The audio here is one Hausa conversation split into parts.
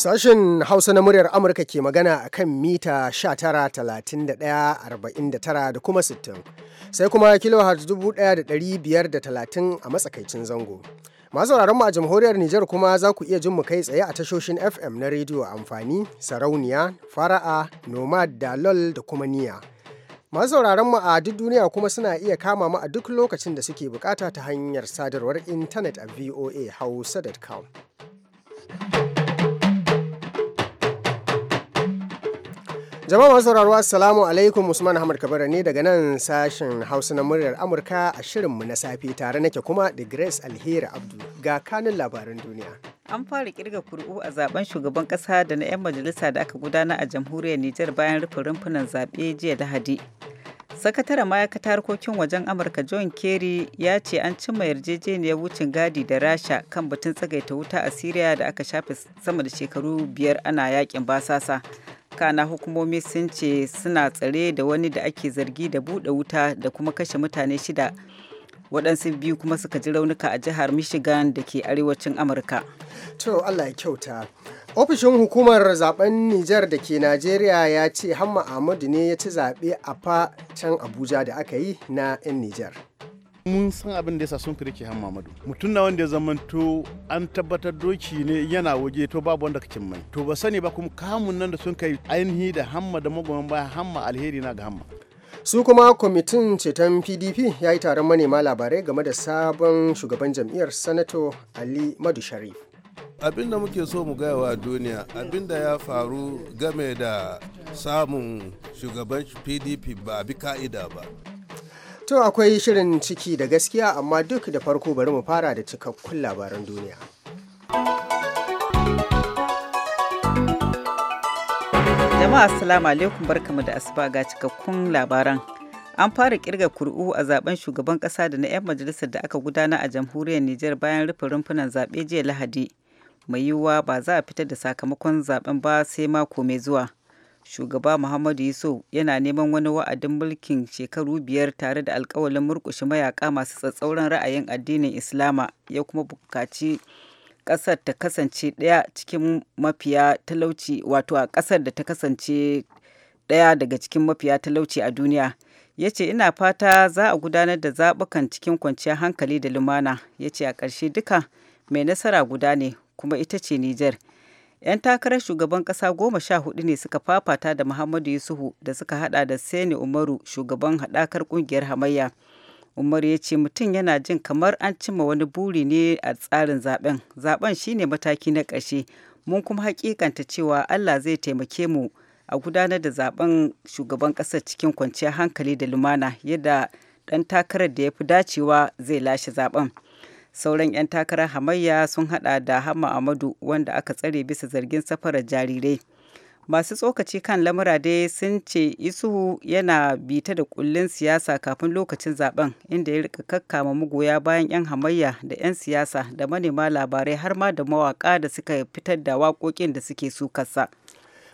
Sashen Hausa na muryar Amurka ke magana a kan mita 19,31,49 da kuma 60, sai kuma kilohertz 1,530 a matsakaicin zango. Masu mu a jamhuriyar Nijar kuma za ku iya jin mu kai tsaye a tashoshin FM na rediyo amfani, sarauniya, fara'a, nomad, da Lol da kuma niya. Masu mu a duk duniya kuma suna iya kama mu a duk lokacin da suke bukata ta hanyar sadarwar intanet a voa hausa.com. Jama'a masu sauraro Assalamu alaikum Usman Ahmad Kabara ne daga nan sashen Hausa na muryar Amurka a shirin mu na safe tare nake kuma da Grace Alheri Abdu ga kanin labaran duniya. An fara kirga kuri'u a zaben shugaban kasa da na 'yan majalisa da aka gudana a jamhuriyar Nijar bayan rufe rumfunan zaɓe jiya Lahadi. Sakataren ma'aikatar harkokin wajen Amurka John Kerry ya ce an cimma yarjejeniyar wucin gadi da Rasha kan batun tsagaita wuta a Siriya da aka shafe sama da shekaru biyar ana yakin basasa. na hukumomi sun ce suna tsare da wani da ake zargi da buɗe wuta da kuma kashe mutane shida waɗansu biyu kuma suka ji raunuka a jihar michigan da ke arewacin amurka to allah ya kyauta ofishin hukumar zaben nijar da ke najeriya ya ce hamma ahmadu ne ya ci zaɓe a fa can abuja da aka yi na 'yan nijar mun san abin da ya sa sun fi rike hamamadu. mutum na wanda ya zamanto an tabbatar doki ne yana waje to babu wanda kacin mai to ba sani ba kuma kamun nan da sun kai ainihi da hamma da magoman baya hamma alheri na ga hamma su kuma kwamitin ceton pdp ya yi taron manema labarai game da sabon shugaban jam'iyyar sanato ali madu sharif abin da muke so mu gaya wa duniya abin da ya faru game da samun shugaban pdp ba bi ka'ida ba To akwai shirin ciki da gaskiya amma duk da farko bari mu fara da cikakkun labaran duniya. Jama'a assalamu alaikum barkamu da asuba ga cikakkun labaran. An fara kirga kuru'u a zaben shugaban kasa da na 'yan majalisar da aka gudana a jamhuriyar Nijar bayan rufe rumfunan zaɓe jiya Lahadi. Mai yiwuwa ba za a fitar da sakamakon zaben ba sai mako mai zuwa. shugaba Muhammadu Yusuf yana neman wani wa'adin mulkin shekaru biyar tare da alkawalin murkushe mayaka masu tsatsauran ra'ayin addinin Islama ya kuma bukaci kasar ta kasance daya cikin mafiya talauci wato a ƙasar da ta kasance ɗaya daga cikin mafiya talauci a duniya. ya ce ina fata za a gudanar da zaɓukan cikin kwanciyar hankali da lumana ya ce a ƙarshe duka mai nasara guda ne kuma ita ce Nijar. 'Yan takarar shugaban ƙasa goma sha hudu ne suka fafata da Muhammadu Yusufu da suka hada da Sani Umaru shugaban haɗakar ƙungiyar hamayya. Umaru ya ce mutum yana jin kamar an cimma wani buri ne a tsarin zaben. Zaben shine mataki na ƙarshe. Mun kuma hakikanta cewa Allah zai taimake mu a gudanar da zaben shugaban ƙasar cikin kwanciyar hankali da lumana yadda ɗan takarar da ya fi dacewa zai lashe zaben. sauran 'yan takarar hamayya sun hada da hama amadu wanda aka tsare bisa zargin safarar jarirai masu tsokaci kan lamura dai sun ce isuhu yana bita da kullun siyasa kafin lokacin zaben inda ya rika kakkama magoya bayan 'yan hamayya da 'yan siyasa da manema labarai har ma da mawaka da suka fitar da waƙoƙin da suke sukarsa.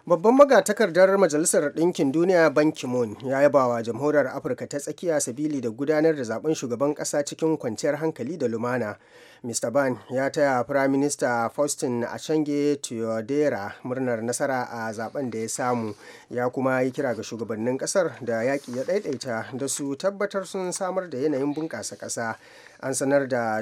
Babban magatakardar Majalisar Ɗinkin Duniya Ban Ki-moon ya yaba wa Jamhuriyar Afirka ta tsakiya sabili da gudanar da zaben shugaban ƙasa cikin kwanciyar hankali da lumana. Mr. Ban ya taya Prime Minister Faustin Ashange Teodera murnar nasara a zaben da ya samu ya kuma yi kira ga shugabannin ƙasar da yaƙi ya ɗaiɗaita da su tabbatar sun samar da yanayin bunƙasa ƙasa. an sanar da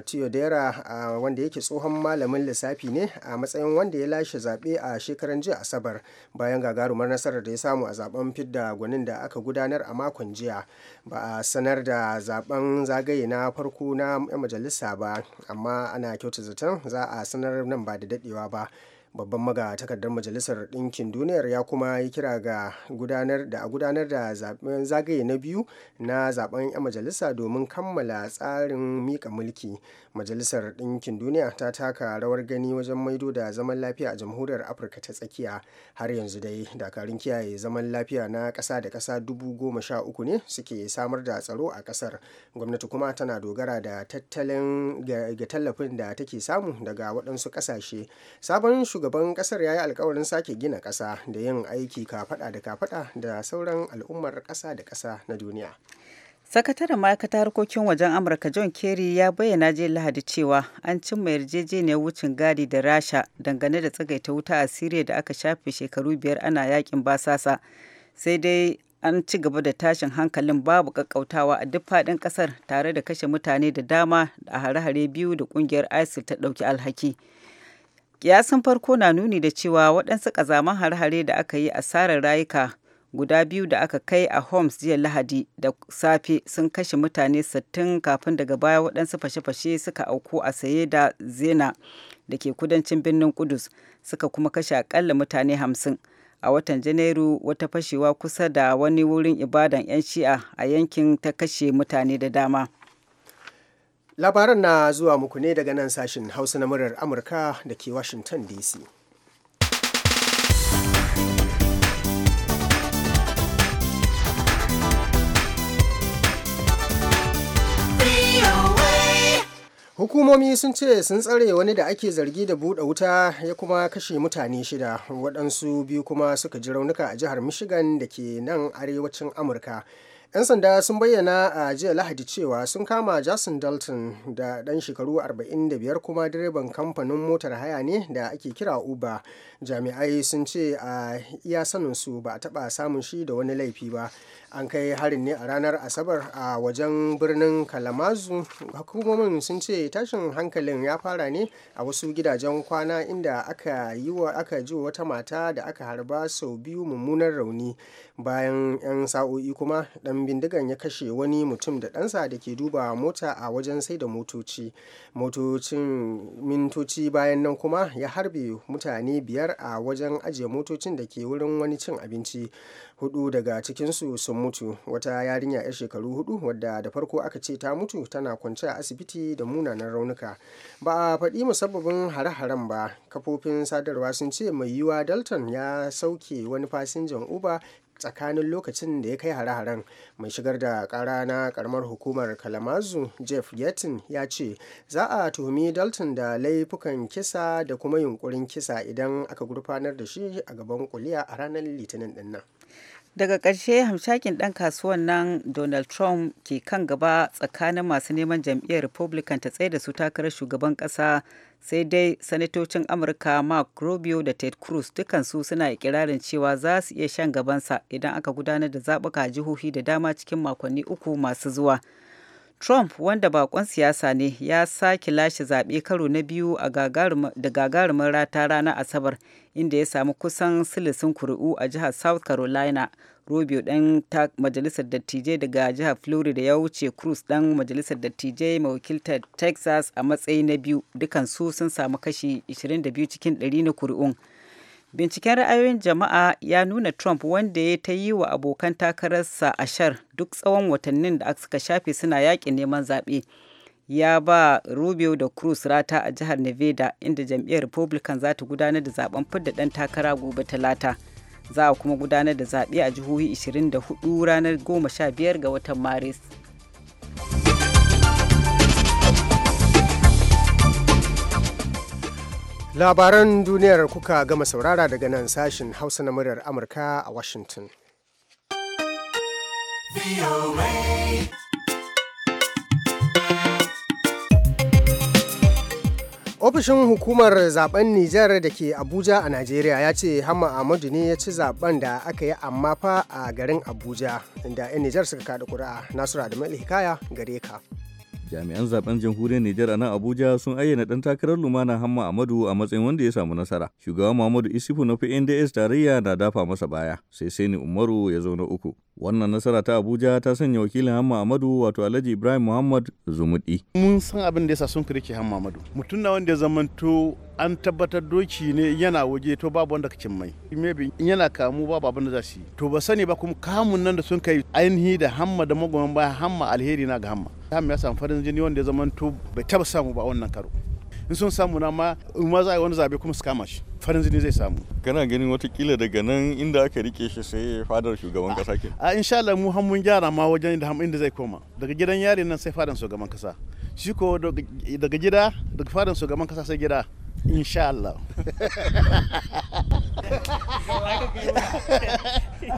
a wanda yake tsohon malamin lissafi ne a matsayin wanda ya lashe zaɓe a shekaran jiya asabar bayan gagarumar nasarar da ya samu a zaben fidda gwanin da aka gudanar a makon jiya ba a sanar da zaben zagaye na farko na majalisa ba amma ana kyauta zaton za a sanar nan ba da daɗewa ba babban maga takardar majalisar ɗinkin duniyar ya kuma yi kira ga gudanar da a gudanar da zaben zagaye na biyu na zaben 'yan majalisa domin kammala tsarin mika mulki majalisar ɗinkin duniya ta taka rawar gani wajen maido da zaman lafiya a jamhuriyar afirka ta tsakiya har yanzu dai dakarun kiyaye zaman lafiya na ƙasa da ƙasa dubu goma sha uku ne suke samar da tsaro a ƙasar gwamnati kuma tana dogara da tattalin ga tallafin da take samu daga waɗansu ƙasashe sabon shugaban shugaban kasar ya yi alkawarin sake gina kasa da yin aiki kafada da kafada da sauran al'ummar kasa da kasa na duniya sakataren ma'aikatar harkokin wajen amurka john kerry ya bayyana jiya lahadi cewa an cimma yarjejeniyar wucin gadi da rasha dangane da tsagaita wuta a siriya da aka shafe shekaru biyar ana yakin basasa sai dai an ci gaba da tashin hankalin babu kakkautawa a duk fadin kasar tare da kashe mutane da dama a hare-hare biyu da kungiyar isil ta dauki alhaki kiyasin farko na nuni da cewa waɗansu ƙazaman har-hare da aka yi asarar rayuka guda biyu da aka kai a Homs jiya Lahadi da safe sun kashe mutane sittin kafin daga baya waɗansu fashe-fashe suka auku a saye da Zena da ke kudancin birnin Kudus suka kuma kashe akalla mutane hamsin A watan Janairu wata fashewa kusa da wani wurin ibadan 'yan shi'a a yankin ta kashe mutane da dama. labaran na zuwa muku ne daga nan sashin hausa na murar amurka da ke washington dc hukumomi sun ce sun tsare wani da ake zargi da buɗe wuta ya kuma kashe mutane shida waɗansu biyu kuma suka ji raunuka a jihar michigan da ke nan arewacin amurka 'Yan sanda sun bayyana a jiya Lahadi cewa sun kama Jason Dalton da dan shekaru 45 kuma direban kamfanin motar haya ne da ake kira Uber. Jami'ai sun ce a iya saninsu ba a taba samun shi da wani laifi ba. an kai harin ne a ranar asabar a wajen birnin kalamazu hukumomin sun ce tashin hankalin ya fara ne a wasu gidajen kwana inda aka yi wa aka ji wata mata da aka harba sau biyu mummunan rauni bayan 'yan sa'o'i kuma dan bindigan ya kashe wani mutum da ɗansa da ke duba mota a wajen sai da motoci motocin mintoci bayan nan kuma ya harbe mutane biyar a wajen ajiye motocin da ke wurin wani cin abinci hudu daga cikinsu sun mutu wata yarinya 'yar shekaru hudu wadda da farko aka ce ta mutu tana kwance a asibiti da munanan raunuka ba a faɗi musabbabin hare-haren ba kafofin sadarwa sun ce mai yiwuwa dalton ya sauke wani fasinjan uber tsakanin lokacin da ya kai hare-haren mai shigar da kara na karamar hukumar kalamazu jeff gettin ya ce za a tuhumi dalton da laifukan kisa da kuma yunkurin kisa idan aka gurfanar da shi a gaban kuliya a ranar litinin dinnan. daga ƙarshe hamshakin ɗan kasuwan nan donald trump ke kan gaba tsakanin masu neman jam'iyyar republican ta tsaye da su takarar shugaban ƙasa sai dai sanatocin amurka mark rubio da ted cruz dukansu suna ikirarin cewa za su iya shan gabansa idan aka gudanar da zaɓuka jihohi da dama cikin makonni uku masu zuwa Trump wanda bakon siyasa ne ya sake lashe zaɓe karo na biyu da gagarumin rata rana Asabar inda ya samu kusan silisin kuri'u a jihar South Carolina. Rubio ɗan majalisar dattijai daga jihar Florida ya wuce Cruz ɗan majalisar dattijai mai wakiltar Texas a matsayi na biyu dukansu sun samu kashi 22 cikin 100 na kuri'un. Binciken ra'ayoyin jama'a ya nuna Trump wanda ya ta yi wa abokan takararsa ashar duk tsawon watannin da suka shafe suna yakin neman zaɓe. Ya ba Rubio da Cruz rata a jihar Nevada inda jam'iyyar Republican za ta gudanar da zaben fidda ɗan takara gobe talata. Za a kuma gudanar da zaɓe a jihohi 24 ranar 15 ga watan Maris. Labaran duniyar kuka gama saurara daga nan sashin Hausa na muryar Amurka a Washington. Ofishin hukumar zaben Nijar da ke Abuja a Najeriya ya ce Hamma Ahmadu ne ya ci zaben da aka yi amma fa a garin Abuja inda 'yan Nijar suka kada kuri'a Nasura da Hikaya gare ka. jami'an zaben jamhuriyar Nijar a nan Abuja sun ayyana dan takarar lumana Hamma Amadu a matsayin wanda ya samu nasara. Shugaba Muhammadu Isifu na PNDS tarayya na dafa masa baya, sai Sani Umaru ya zo na uku. Wannan nasara ta Abuja ta sanya wakilin Hamma Amadu wato Alhaji Ibrahim Muhammad Zumudi. Mun san abin da yasa sun kirke Hamma Amadu. Mutum na wanda ya zamanto an tabbatar doki ne yana waje to babu wanda ka cin mai. Maybe yana kamu babu abin da za su yi. To ba sani ba kuma kamun nan da sun kai ainihi da Hamma da magoman baya Hamma alheri na ga Hamma. Ham ya samu farin jini wanda ya zamanto bai taba samu ba wannan karo. In sun samu na ma in ma za a yi wani zabe kuma su kama shi. farin jini zai samu. Kana ganin watakila daga nan inda aka rike shi sai fadar shugaban kasa ke. A insha Allah mu mun gyara ma wajen da inda zai koma. Daga gidan yari nan sai fadar shugaban kasa. Shi ko daga gida daga fadar shugaban kasa sai gida. Insha Allah.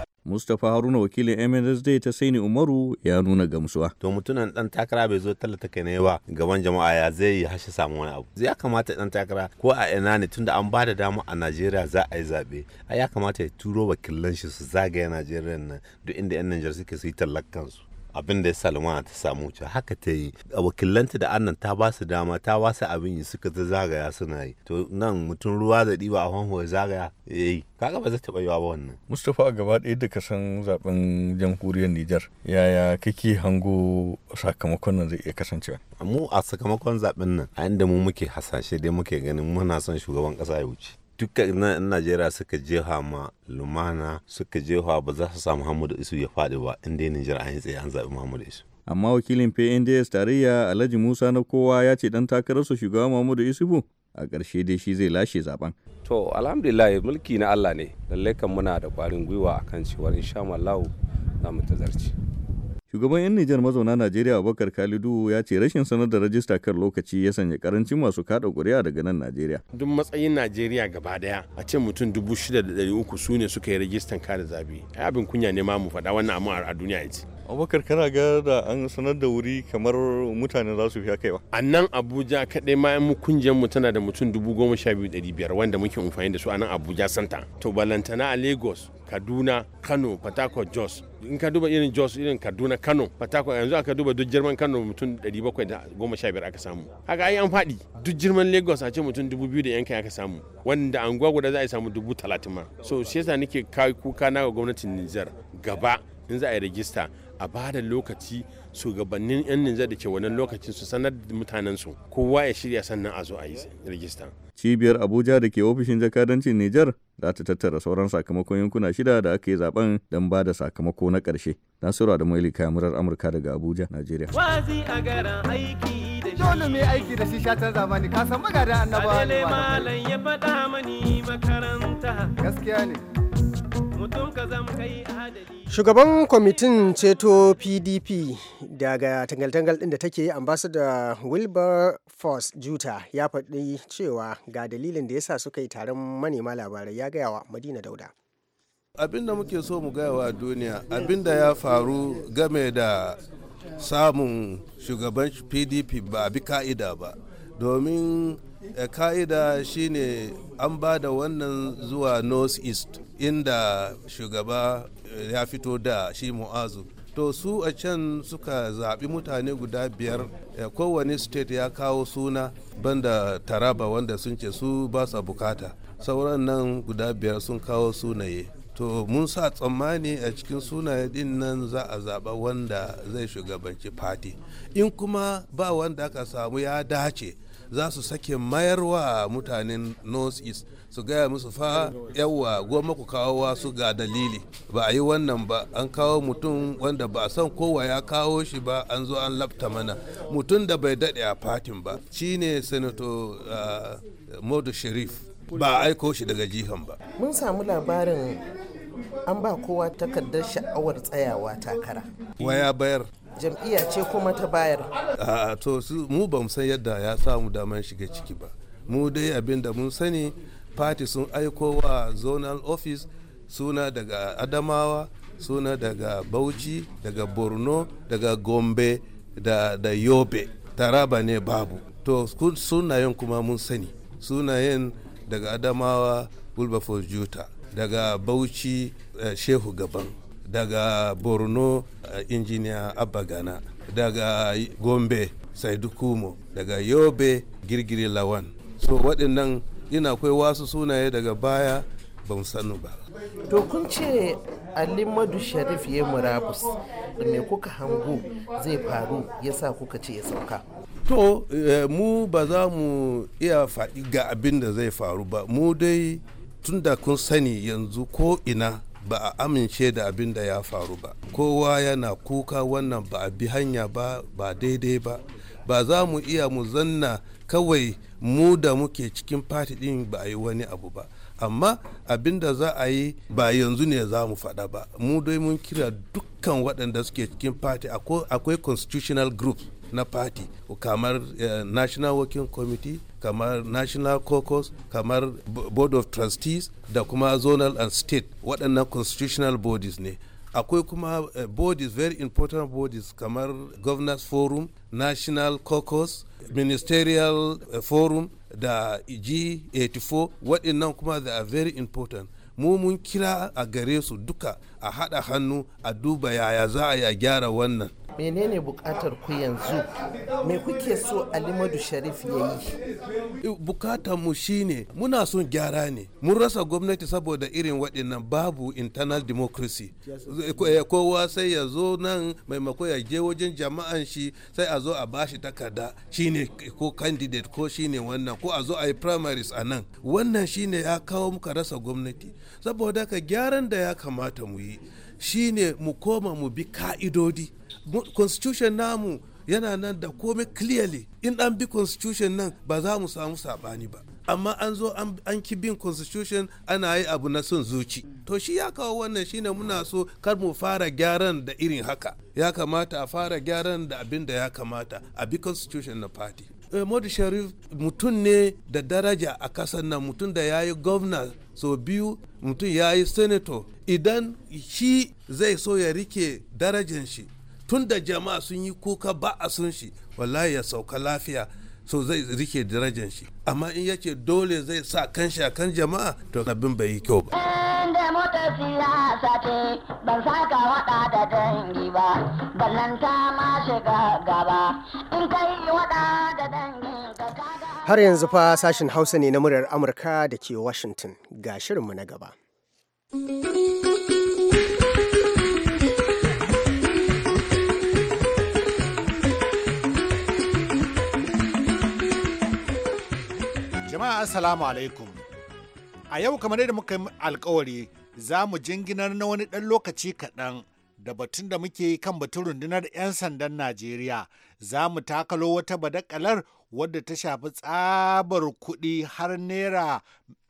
Mustapha Haruna wakilin MNSD ta Saini Umaru ya nuna gamsuwa. To mutumin dan takara bai zo tallata kai ne ba gaban jama'a ya zai yi hashe samu wani abu. Ya kamata dan takara ko a ina ne tunda an bada dama a Najeriya za a yi zabe. ya kamata ya turo wakilan shi su zagaya Najeriya nan duk inda yan Najeriya suke su yi tallakan su abin da ya salama ta samu wuce haka ta yi a wakilanta da annan ta ba su dama ta ba su abin yi suka ta zagaya suna yi to nan mutum ruwa da ɗiba a hanhuwa zagaya ya yi kaga ba zai taɓa wa ba wannan. mustapha gaba ɗaya da kasan zaben jamhuriyar nijar yaya kake hango sakamakon nan zai iya kasancewa. mu a sakamakon zaɓen nan a inda mu muke hasashe dai muke ganin muna son shugaban ƙasa ya wuce. duka na najeriya suka jefa ma lumana suka jefa ba za su samu muhammadu isu ya faɗi ba inda ya nijar an yi tsaye an zaɓi muhammadu isu amma wakilin pnds tarayya alhaji musa na kowa ya ce dan takararsa shugaba muhammadu isu a ƙarshe dai shi zai lashe zaɓen. to alhamdulillah mulki na allah ne lallai kan muna da ƙwarin gwiwa kan cewar insha allahu za mu tazarci Shugaban 'yan Nijar mazauna Najeriya Abubakar kalidu ya ce rashin sanar da rajista kan lokaci ya sanya karancin masu kada ƙuri'a daga nan Najeriya. Duk matsayin Najeriya gaba daya a ce mutum dubu shida da ɗari uku su ne suka yi rajistan kada zabi. Ai abin kunya ne ma mu faɗa wannan amma a duniya ya Abubakar kana ga da an sanar da wuri kamar mutane za su fi ba. A nan Abuja kaɗai ma mu kungiyar mu tana da mutum dubu goma sha biyu ɗari biyar wanda muke amfani da su a nan Abuja Santa. To balantana a Lagos kaduna kano patako jos in ka duba irin jos irin kaduna kano patako yanzu aka duba duk jirman kano mutum 715 aka samu haka ai an faɗi duk jirman lagos a ce mutum 2000 da yankin aka samu wanda anguwa guda za a samu 30,000 ma so shi yasa nake kai kuka na ga gwamnatin nijar gaba in za a yi rajista a ba da lokaci shugabannin 'yan Nijar da ke wannan lokacin su sanar da mutanen su kowa ya shirya sannan a zo a yi rijista. Cibiyar Abuja da ke ofishin jakadancin Nijar za ta tattara sauran sakamakon yankuna shida da aka yi zaben don ba da sakamako na karshe Nasiru da Maili Kamurar Amurka daga Abuja, nigeria Wazi a aiki da shi. Dole mai aiki shatan zamani ka san annabawa. malam ya faɗa mani makaranta. Gaskiya ne. Shugaban kwamitin ceto PDP daga tangal-tangal ɗin da take ambasada Wilberforce Juta ya faɗi cewa ga dalilin da yasa suka yi taron manema labarai ya gaya wa Madina Dauda. Abin da muke so mu gaya wa duniya abin da ya faru game da samun shugaban PDP ba bi ka'ida ba domin eh, ka'ida shine an ba da wannan zuwa North East. inda shugaba eh, ya fito da shi mu'azu to su a can suka zaɓi mutane guda biyar eh, kowane state ya kawo suna banda taraba wanda sun ce su ba sa bukata sauran nan guda biyar sun kawo sunaye to mun sa tsammani a cikin sunaye din nan za a zaɓa wanda zai shugabanci fati in kuma ba wanda aka samu ya dace za su sake mayarwa mutanen north east su gaya musu fa yawa goma ku kawo wasu ga dalili ba a yi wannan ba an kawo mutum wanda ba a san kowa ya kawo shi ba an zo an labta mana mutum da bai daɗe a fatin ba shi ne uh, ah, modu sharif ba a aiko shi daga jihan ba mun samu labarin an ba kowa takardar sha'awar tsayawa takara waya bayar jam'iyya ce kuma ta bayar a to su mu ba mu san yadda ya samu daman shiga ciki ba mu dai abin da mun sani party sun aiko wa zonal office suna daga adamawa suna daga bauchi daga borno daga gombe da, da yobe taraba ne babu to sunayen kuma mun sani sunayen daga adamawa wilberforce juta daga bauchi uh, shehu gaban daga borno eh, injiniya abba gana daga gombe saidukumo daga yobe girgiri lawan so waɗannan ina akwai wasu sunaye daga baya ban sanu ba to kun ce alimadu sharif ya murabus me kuka hango zai faru ya sa kuka ce ya sauka to eh, mu ba za mu iya faɗi ga abin da zai faru ba mu dai tun da kun sani yanzu ko ina ba a amince da abin da ya faru ba kowa yana kuka wannan ba a bi hanya ba ba daidai ba ba za mu iya mu zanna kawai mu da muke cikin fati din ba a yi wani abu ba amma abin da za a yi ba yanzu ne za mu faɗa ba mu dai mun kira dukkan waɗanda suke cikin fati akwai constitutional group na party kamar uh, national working committee kamar national caucus kamar board of trustees da kuma zonal and state waɗannan constitutional bodies ne akwai kuma uh, bodies very important bodies kamar governors forum national caucus ministerial uh, forum da g84 waɗannan kuma they are very important mu mun kira a gare su duka a haɗa hannu a duba yaya za a gyara wannan menene bukatar ku yanzu me kuke so alimadu sharif ya yi eh, bukatar mu shine muna son gyara ne mun rasa gwamnati saboda irin waɗannan babu internal democracy eh, eh, kowa sai ya zo nan maimako ya je wajen jama'an shi sai a zo a bashi takarda shine ko candidate ko shine wannan ko a zo a yi primaries a nan wannan shine ya kawo muka rasa gwamnati saboda ka gyaran da ya kamata mu yi shine mu koma mu bi ka'idodi constitution namu yana nan da komai clearly in an bi constitution nan ba za mu samu sabani ba amma an zo an ki bin constitution ana yi abu na son zuci to shi ya kawo wannan shine muna so kar mu fara gyaran da irin haka ya kamata a fara gyaran da abin da ya kamata a bi constitution na party eh, Modu Sharif mutum ne da daraja a kasar nan mutum da ya yi gwamna so biyu mutum ya yi senator idan shi zai so ya rike darajan shi tun da jama'a sun yi kuka ba a sun shi wallahi ya sauka lafiya so zai rike darajar shi amma in yake dole zai sa kan shi kan jama'a to abin bai yi kyau ba ban saka wada da dangi ba ballanta ma shiga gaba in kai wada da dangi har yanzu fa sashin hausa ne na muryar amurka da ke washington ga shirinmu na gaba. Jama'a Assalamu alaikum. A yau kamar yadda muka yi alkawari za mu jinginar na wani ɗan lokaci kaɗan da batun da muke yi kan batun rundunar 'yan sandan Najeriya za mu takalo wata badakalar wadda ta shafi tsabar kuɗi har naira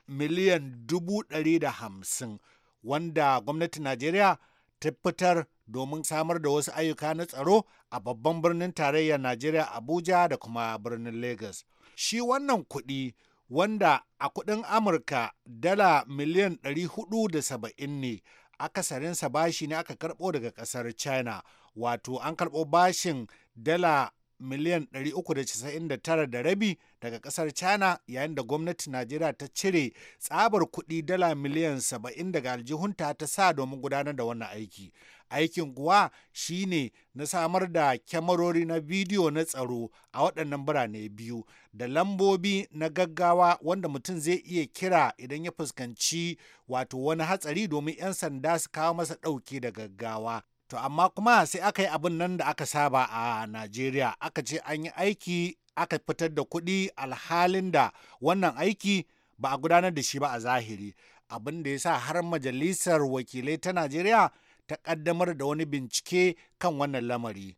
miliyan dubu ɗari da hamsin wanda gwamnatin Najeriya ta fitar domin samar da wasu ayyuka na tsaro a babban birnin tarayyar Najeriya Abuja da kuma birnin Lagos. Shi wannan kuɗi wanda a kudin Amurka dala miliyan 470 ne akasarinsa bashi ne aka karbo daga kasar China wato an karbo bashin dala miliyan 399 da rabi daga kasar china yayin da gwamnatin najeriya ta cire tsabar kuɗi dala miliyan 70 daga aljihunta ta sa domin gudanar da wannan aiki aikin kuwa shine na samar da kyamarori na bidiyo na tsaro a waɗannan birane biyu da lambobi na gaggawa wanda mutum zai iya kira idan ya fuskanci wato wani hatsari domin 'yan sanda su kawo masa ɗauke da gaggawa To amma kuma sai aka yi abin nan da aka saba a Najeriya aka ce an yi aiki aka fitar da kuɗi alhalin da wannan aiki ba a gudanar da shi ba a zahiri abin da ya sa har majalisar wakilai ta Najeriya ta ƙaddamar da wani bincike kan wannan lamari.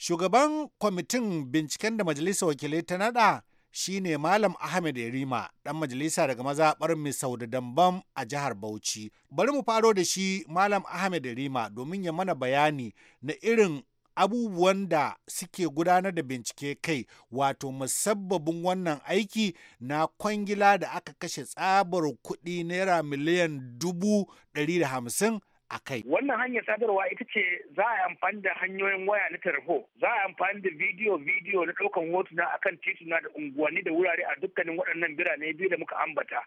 Shugaban kwamitin binciken da majalisar wakilai ta nada shine Malam Ahmed Yarima ɗan majalisa daga mazaɓar sau da Dambam a jihar Bauchi. Bari mu faro da shi Malam Ahmed Yarima domin ya mana bayani na irin abubuwan da suke gudanar da bincike kai wato musabbabin wannan aiki na kwangila da aka kashe tsabar kuɗi naira miliyan dubu ɗari da hamsin a kai. Wannan hanyar sadarwa ita ce za a yi amfani da hanyoyin waya na tarho, za a yi amfani da bidiyo bidiyo na ɗaukan hotuna a kan tituna da unguwanni da wurare a dukkanin waɗannan birane biyu da muka ambata.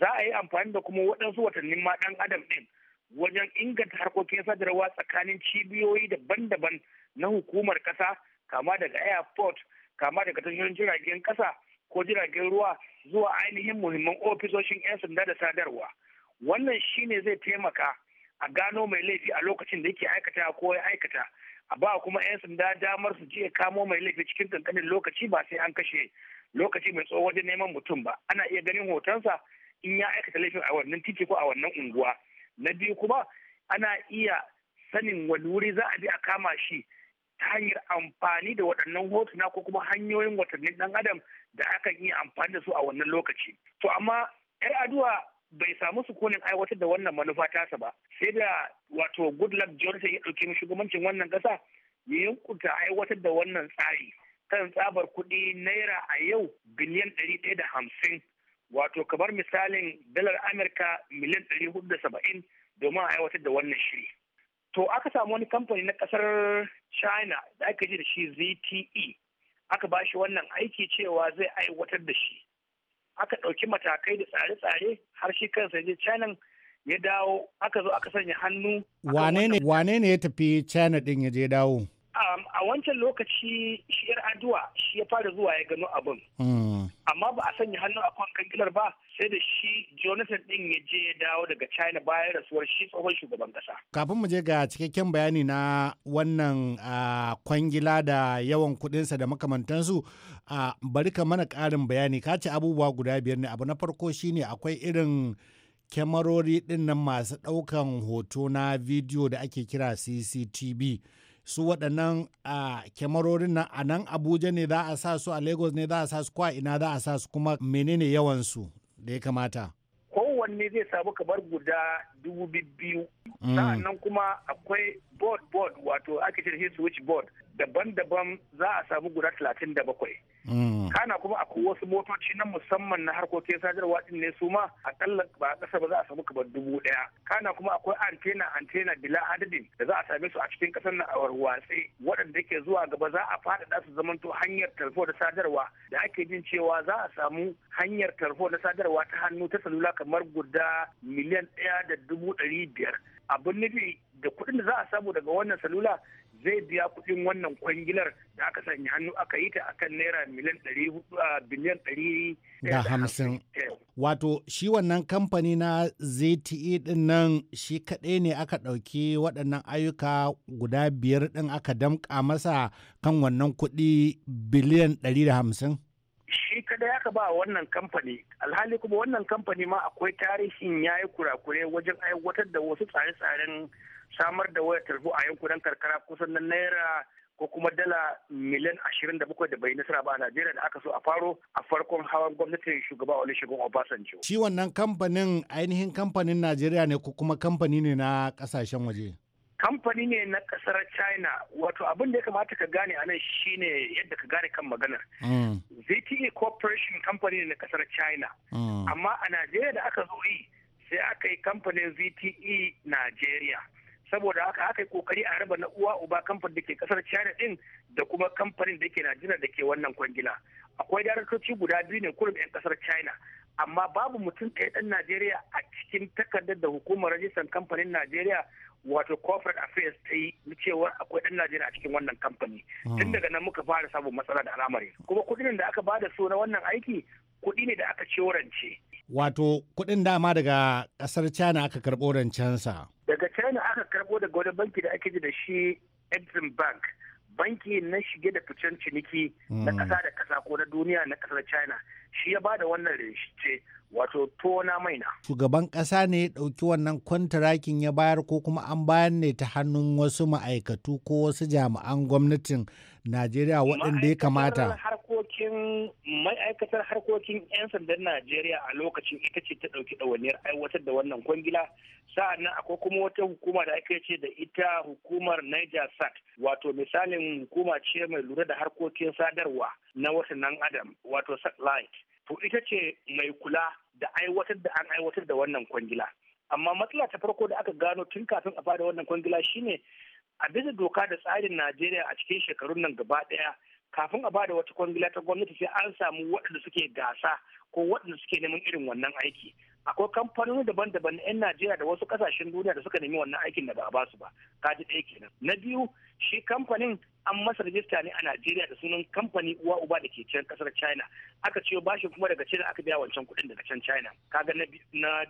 Za a yi amfani da kuma waɗansu watannin ma ɗan adam ɗin wajen inganta harkokin sadarwa tsakanin cibiyoyi daban-daban na hukumar ƙasa kama daga airport kama daga tashoshin jiragen ƙasa ko jiragen ruwa zuwa ainihin muhimman ofisoshin 'yan sanda da sadarwa. Wannan shine zai taimaka a gano mai laifi a lokacin da yake aikata ko ya aikata a ba kuma 'yan sanda damar su je kamo mai laifi cikin kankanin lokaci ba sai an kashe lokaci mai tsawo wajen neman mutum ba ana iya ganin hotonsa in ya aikata laifin a wannan titi ko a wannan unguwa na biyu kuma ana iya sanin wani wuri za a bi a kama shi ta hanyar amfani da waɗannan hotuna ko kuma hanyoyin watannin ɗan adam da akan iya amfani da su a wannan lokaci to amma 'yar aduwa bai samu sukunin aiwatar da wannan manufa tasa ba sai da wato goodluck johnson ya ɗauki shugabancin wannan ƙasa ya yankuta aiwatar da wannan tsari kan tsabar kuɗi naira a yau biliyan ɗari ɗaya da hamsin wato kamar misalin dalar amurka miliyan ɗari hudu da saba'in domin aiwatar da wannan shiri to aka samu wani kamfani na ƙasar china da aka ji da shi zte aka ba shi wannan aiki cewa zai aiwatar da shi aka ɗauki matakai da tsare-tsare har shi kansa je China ya dawo aka zo aka sanya hannu wane ne ya tafi china din ya je dawo Um, a wancan lokaci shi yar aduwa shi ya fara zuwa ya gano abin hmm. amma ba a sanya hannu a kan kankilar ba sai da shi jonathan din ya je ya dawo daga china bayan rasuwar shi tsohon shugaban kasa kafin mu je ga cikakken bayani na wannan kwangila da yawan kudinsa da makamantansu bari ka mana karin bayani ka ce abubuwa guda biyar ne abu na farko shine akwai irin kyamarori dinnan masu ɗaukan hoto na bidiyo da ake kira cctv su waɗannan a kyamarorin nan a nan abuja ne za a sa su a lagos ne za a sa su kwa ina za a sa su kuma menene yawan su da ya kamata kowanne zai samu kamar guda dubu biyu mm. sa'annan kuma akwai board board wato ake ce switch board daban-daban za a samu guda talatin da bakwai. Mm. Kana kuma akwai wasu motoci na musamman na harkokin sadarwa din ne su ma akalla ba a ƙasa ba za a samu kamar dubu ɗaya. Kana kuma akwai antena antena bila adadin da za a same su a cikin ƙasar na awar watsi waɗanda ke zuwa gaba za a faɗaɗa su zamanto hanyar tarfo da sadarwa da ake jin cewa za a samu hanyar tarfo da sadarwa ta hannu ta salula kamar guda miliyan ɗaya da dubu ɗari biyar. Abin nufi da kuɗin da za a samu daga wannan salula zai biya kuɗin wannan kwangilar da aka sanya hannu aka yi ta akan naira miliyan ɗari a biliyan ɗari da hamsin. Wato shi wannan kamfani na ZTE ɗin nan shi kaɗai ne aka ɗauki waɗannan ayyuka guda biyar ɗin aka damƙa masa kan wannan kuɗi biliyan ɗari da hamsin. shi kaɗai ya ba wannan kamfani alhali kuma wannan kamfani ma akwai tarihin ya yi kurakure wajen aiwatar da wasu tsare-tsaren samar da wayar tarho a yankunan karkara kusan na naira ko kuma dala miliyan ashirin da bakwai da bai nasara ba a Najeriya da aka so a faro a farkon hawan gwamnatin shugaba Olusegun Obasanjo. Shi wannan kamfanin ainihin kamfanin Najeriya ne ko kuma kamfani ne na kasashen waje? Kamfani ne na kasar China wato abin da ya kamata ka gane a nan shine yadda ka gane kan maganar. Mm. ZTE Corporation kamfani ne na kasar China. Mm. Amma a Najeriya da aka zo yi sai aka yi kamfanin ZTE Najeriya. saboda haka aka yi kokari a raba na uwa uba kamfanin da ke kasar china din da kuma kamfanin da ke najeriya da ke wannan kwangila akwai daraktoci guda biyu ne kurum 'yan kasar china amma babu mutum ɗaya ɗan najeriya a cikin takardar da hukumar rajistan kamfanin najeriya wato corporate affairs ta yi cewa akwai ɗan najeriya a cikin wannan kamfani hmm. tun daga nan muka fara samun matsala da al'amari kuma kuɗin da aka bada su na wannan aiki kuɗi ne da aka ce rance wato kuɗin dama daga kasar china aka karɓo rancensa daga china aka karbo daga wani banki da ake ji da shi exim bank banki na shige da ficen ciniki na kasa hmm. da kasa ko na duniya na kasar china shi ya bada wannan rikice wato tona maina shugaban kasa ne ya ɗauki wannan kwantarakin ya bayar ko kuma an bayan ne ta hannun wasu ma'aikatu ko wasu jami'an gwamnatin najeriya waɗanda ya kamata cikin ma'aikatar harkokin 'yan sandan najeriya a lokacin ita ce ta ɗauki ɗawainiyar aiwatar da wannan kwangila sa'annan akwai kuma wata hukuma da ake ce da ita hukumar niger sat wato misalin hukuma ce mai lura da harkokin sadarwa na nan adam wato satellite to ita ce mai kula da aiwatar da an aiwatar da wannan kwangila amma matsala ta farko da aka gano tun kafin a fara wannan kwangila shine a bisa doka da tsarin najeriya a cikin shekarun nan gaba ɗaya kafin a bada wata kwangila ta gwamnati sai an samu waɗanda suke gasa ko waɗanda suke neman irin wannan aiki akwai kamfanoni daban-daban na 'yan najeriya da wasu kasashen duniya da suka nemi wannan aikin da ba a basu ba kaji ɗaya kenan na biyu shi kamfanin an masa rajista ne a najeriya da sunan kamfani uwa uba da ke can kasar china aka ce bashi kuma daga china aka biya wancan kuɗin daga can china kaga na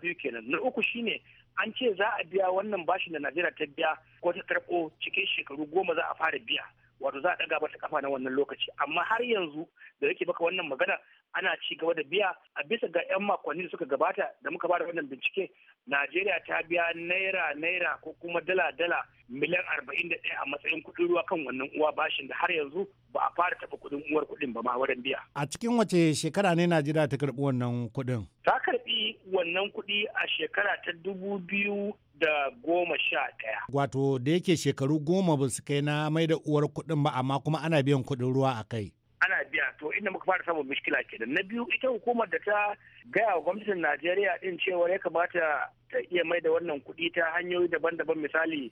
biyu kenan na uku shine an ce za a biya wannan bashin da najeriya ta biya ko ta karɓo cikin shekaru goma za a fara biya wato za a ɗaga mata kafa na wannan lokaci amma har yanzu da yake baka wannan magana ana ci gaba da biya a bisa ga 'yan makonni da suka gabata da muka bada wannan bincike najeriya ta biya naira naira ko kuma dala dala miliyan arba'in da ɗaya a matsayin kuɗin ruwa kan wannan uwa bashin da har yanzu ba a fara taɓa kuɗin uwar kuɗin ba ma wurin biya. a cikin wace shekara ne najeriya ta karɓi wannan kuɗin. ta karɓi wannan kuɗi a shekara ta dubu biyu da goma sha ɗaya. Wato da yake shekaru goma ba su kai na mai da uwar kuɗin ba amma kuma ana biyan kuɗin ruwa a kai. Ana biya to inda muka fara samun mishkila kenan. Na biyu ita hukumar da ta gaya wa gwamnatin Najeriya din cewa ya kamata ta iya mai da wannan kuɗi ta hanyoyi daban-daban misali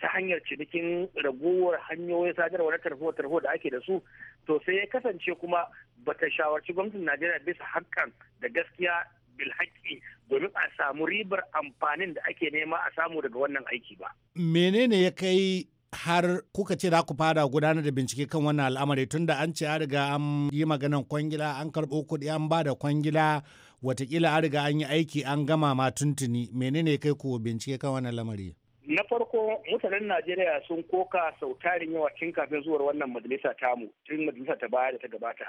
ta hanyar cinikin ragowar hanyoyi sadarwa na tarho-tarho da ake da su to sai ya kasance kuma bata shawarci gwamnatin najeriya bisa hakan da gaskiya bilhaki domin a samu ribar amfanin da ake nema a samu daga wannan aiki ba. Menene ya kai har kuka ce za ku fara gudanar da bincike kan wannan al'amari tun da an ce a riga an yi maganan kwangila an karɓo kuɗi an ba da kwangila watakila a riga an yi aiki an gama ma tuntuni menene kai ku bincike kan wannan lamari. na farko mutanen najeriya sun koka sau tarin yawa tun kafin zuwar wannan majalisa tamu tun majalisa ta baya da ta gabata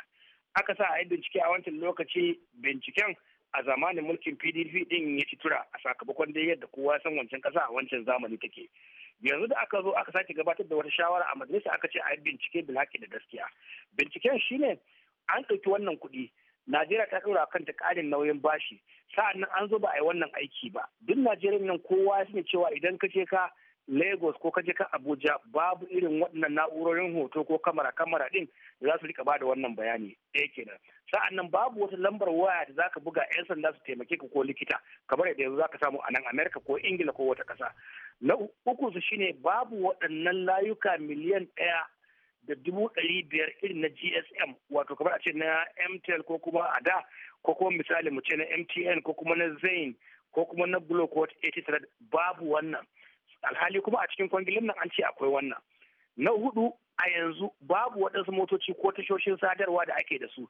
aka sa a yi bincike a wancan lokaci binciken a zamanin mulkin pdp din ya ci tura a sakamakon dai yadda kowa san wancan kasa a wancan zamani take yanzu da aka zo aka sake gabatar da wata shawara a majalisa aka ce a yi bincike bilhaki da gaskiya binciken shine an ɗauki wannan kuɗi najeriya ta ɗora kanta ƙarin nauyin bashi sa'an an zo ba a yi wannan aiki ba duk najeriya nan kowa ya sani cewa idan ka ce ka lagos ko kaje ka abuja babu irin waɗannan na'urorin hoto ko kamara kamara ɗin da za su rika bada wannan bayani ɗaya kenan sa'an nan babu wata lambar waya da ka buga 'yan sanda su taimake ka ko likita kamar yadda yanzu za ka samu a nan Amerika ko ingila ko wata ƙasa na uku su shine babu waɗannan layuka miliyan ɗaya da dubu ɗari biyar irin na gsm wato kamar a ce na mtl ko kuma a da ko kuma misali mu ce na mtn ko kuma na zain ko kuma na glo ko 83 babu wannan alhali kuma a cikin kwangilin nan an ce akwai wannan na hudu a yanzu babu waɗansu motoci ko tashoshin sadarwa da ake da su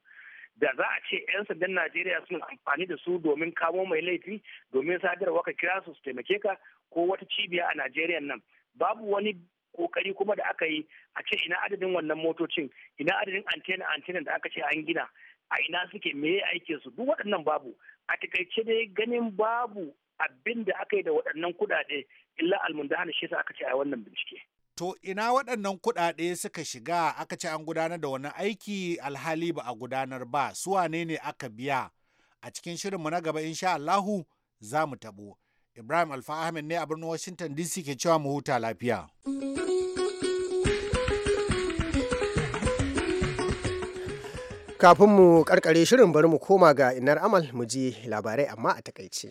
da za a ce 'yan sandan najeriya suna amfani da su domin kamo mai laifi domin sadarwa ka kira su su taimake ka ko wata cibiya a najeriya nan babu wani kokari kuma da aka yi a ce ina adadin wannan motocin ina adadin antena antena da aka ce an gina a ina suke me aikin su duk waɗannan babu a takaice dai ganin babu abin da aka yi da waɗannan kuɗaɗe illa almundahana shi sa aka ce a wannan bincike. To ina waɗannan kuɗaɗe suka shiga aka ce an gudanar da wani aiki alhali ba a gudanar ba su wane ne aka biya a cikin shirinmu na gaba insha Allahu za mu taɓo. Ibrahim Alfa Ahmed ne a birnin Washington DC ke cewa mu huta lafiya. Kafin mu karkare shirin bari mu koma ga inar amal mu ji labarai amma a takaice.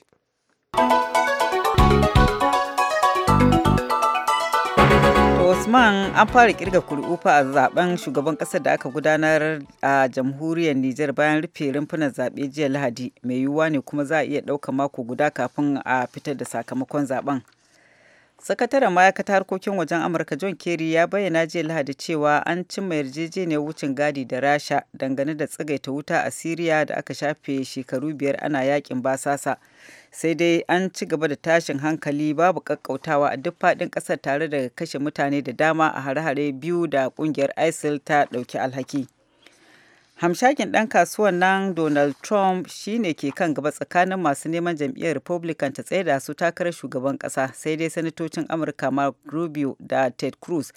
Usman an fara kirga kuri'ufa a zaben shugaban kasar da aka gudanar a jamhuriyar Nijar bayan rufe rumfunan zaɓe jiya Lahadi mai yiwuwa ne kuma za a iya ɗauka mako guda kafin a fitar da sakamakon zaben. Sakataren ma'aikatar harkokin wajen Amurka John Kerry ya bayyana jiya Lahadi cewa an cimma yarjejeniyar wucin gadi da Rasha dangane da tsagaita wuta a Siriya da aka shafe shekaru biyar ana yakin basasa. sai dai an ci gaba da tashin hankali babu kakkautawa a duk faɗin ƙasa tare da kashe mutane da dama a hare-hare biyu da ƙungiyar isil ta ɗauki alhaki hamshakin ɗan kasuwan nan donald trump shine ke kan gaba tsakanin masu neman jam'iyyar republican ta tsaida su takarar shugaban ƙasa sai dai sanatocin amurka mark rubio da ted cruz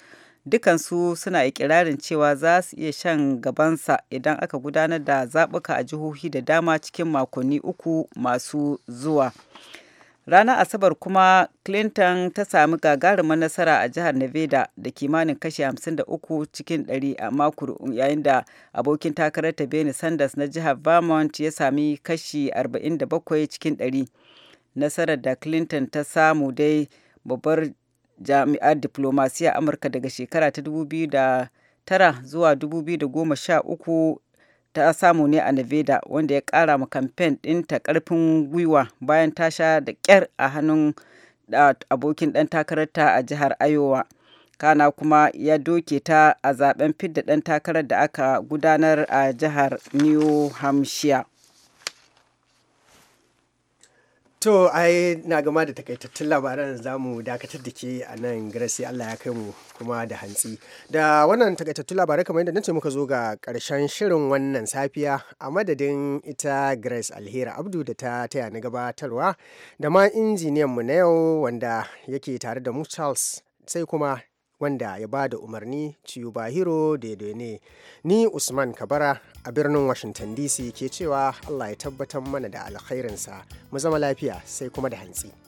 dukansu suna ikirarin cewa za su iya shan gabansa idan aka gudanar da zaɓuka a jihohi da dama cikin makonni uku masu zuwa ranar asabar kuma clinton ta sami gagarumar nasara a jihar nevada da kimanin kashi 53 cikin 100 a makur yayin da abokin takarar ta bernie sanders na jihar vermont ya sami kashi 47 cikin 100 nasarar da clinton ta samu dai babbar jami'ar diplomasiya amurka daga shekara ta 2009 zuwa 2013 ta samu ne a nevada wanda ya kara ma kamfen ɗinta karfin gwiwa bayan ta sha da ƙyar a hannun abokin ɗan takararta a jihar iowa kana kuma ya doke ta a zaben fidda ɗan takarar da aka gudanar a jihar new hampshire To ai na gama da takaitattun labaran za mu dakatar da ke a nan Grace Allah ya kai mu kuma da hantsi. Da wannan takaitattun labarai kamar yadda nace muka zo ga karshen shirin wannan safiya a madadin ita Grace Alhera Abdu da ta taya na gabatarwa da ma injiniyan mu na yau wanda yake tare da mu Charles sai kuma wanda ya ba da umarni Ciyubahiro daidai ne. Ni Usman Kabara a birnin Washington DC ke cewa Allah ya tabbatar mana da alkhairinsa. Mu zama lafiya sai kuma da hantsi.